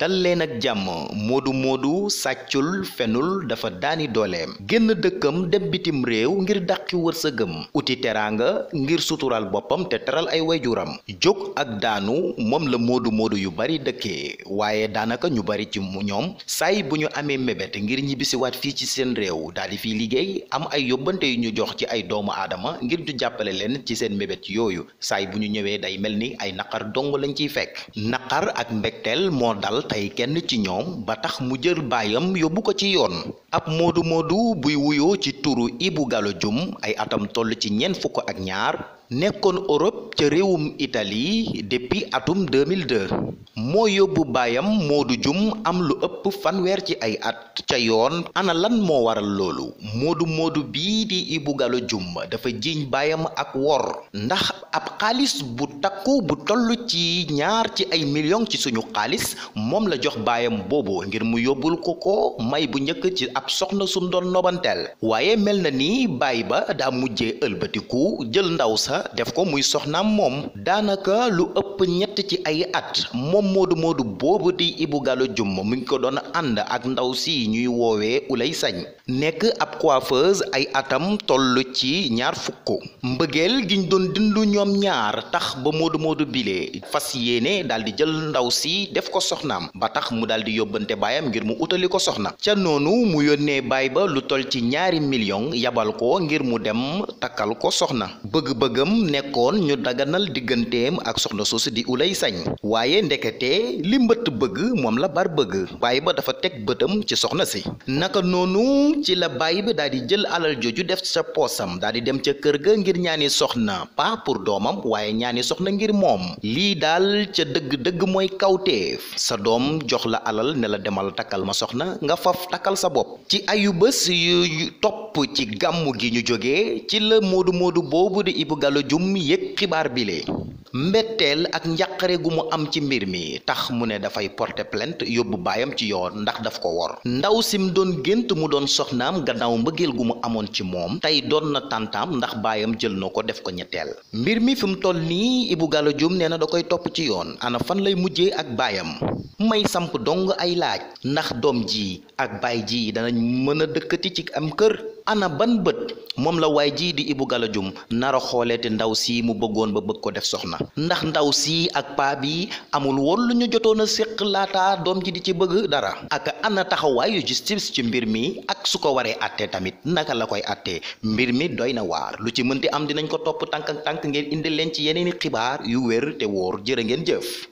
dal leen ak jàmm moodu moodu sàccul fenul dafa daani dooleem génn dëkkam dem bitim réew ngir dàqi wërsëgam uti teraanga ngir suturaal boppam te teral ay wayjuram jóg ak daanu moom la moodu moodu yu bari dëkkee waaye daanaka ñu bari ci ñoom saay bu ñu amee mébét ngir ñibbisiwaat fii ci seen réew daal di fiy liggéey am ay yóbbante yu ñu jox ci ay doomu aadama ngir ñu jàppale leen ci seen mébét yooyu saay bu ñu ñëwee day mel ni ay naqar dong lañ ciy fekk naqar ak mbégteel moo dal tey kenn ci ñoom ba tax mu jël baayam yóbbu ko ci yoon ab moodu moodu buy wuyoo ci turu Ibou Gallo Dioum ay atam toll ci ñeent fukk ak ñaar nekkoon Europe ca réewum Italie depuis atum 2002 moo yóbbu baayam Modou jum am lu ëpp fanweer ci ay at ca yoon ana lan moo waral loolu Modou Modou bii di Ibou Gallo Dioum dafa jiiñ baayam ak wor ndax ab xaalis bu takku bu toll ci ñaar ci ay millions ci suñu xaalis moom la jox baayam boobu ngir mu yóbbul ko ko may bu njëkk ci ab soxna sum doon nobanteel waaye mel na ni baay ba daa mujje ëlbatiku jël ndaw sa la def ko muy soxnaam moom daanaka lu ëpp ñett ci ay at moom moodu moodu boobu di Ibou Gallo Dioum mu ngi ko doon ànd ak ndaw si ñuy woowee Ulay Sañ nekk ab coiffeuse ay atam toll ci ñaar fukk mbëggeel giñ doon dindu ñoom ñaar tax ba moodu moodu bile fas yéene daal di jël ndaw si def ko soxnaam ba tax mu daal di yóbbante baayam ngir mu utali ko soxna ca noonu mu yónnee baay ba lu toll ci ñaari million yabal ko ngir mu dem takkal ko soxna bëgg-bëgg bëgg-bëggam nekkoon ñu daganal digganteem ak soxna soosu di Ulay Sañ waaye ndekete li mbëtt bëgg moom la bar bëgg baay ba dafa teg bëtam ci soxna si naka noonu ci la baay bi daal di jël alal jooju def sa poosam daal di dem ca kër ga ngir ñaani soxna pas pour doomam waaye ñaani soxna ngir moom lii daal ca dëgg-dëgg mooy kawte sa doom jox la alal ne la demal takkal ma soxna nga faf takkal sa bopp ci ayu bés yu topp topp ci gàmmu gi ñu jógee ci la moodu moodu boobu di Ibou Gallo Dioum xibaar bi bile mbetteel ak njaqare gu mu am ci mbir mi tax mu ne dafay porter plainte yóbbu baayam ci yoon ndax daf ko wor ndaw sim doon gént mu doon soxnaam gannaaw mbëggeel gu mu amoon ci moom tey doon na tàntam ndax baayam jël na ko def ko ñetteel mbir mi fi mu toll nii Ibou Gallo nee na da koy topp ci yoon ana fan lay mujjee ak baayam may samp dong ay laaj ndax doom ji ak baay ji dëkkati ci am kër ana ban bët moom la waaye jii di Ibou Gala Dioum nara xooleeti ndaw sii mu bëggoon ba bëgg ko def soxna ndax ndaw sii ak paa bi amul woon lu ñu jotoon a séq laata doom ji di ci bëgg dara ak ana taxawaayu justice ci mbir mi ak su ko waree attee tamit naka la koy attee mbir mi doy na waar lu ci mënti am dinañ ko topp tànk tànk ngeen indil leen ci yeneeni xibaar yu wér te woor jërë ngeen jëf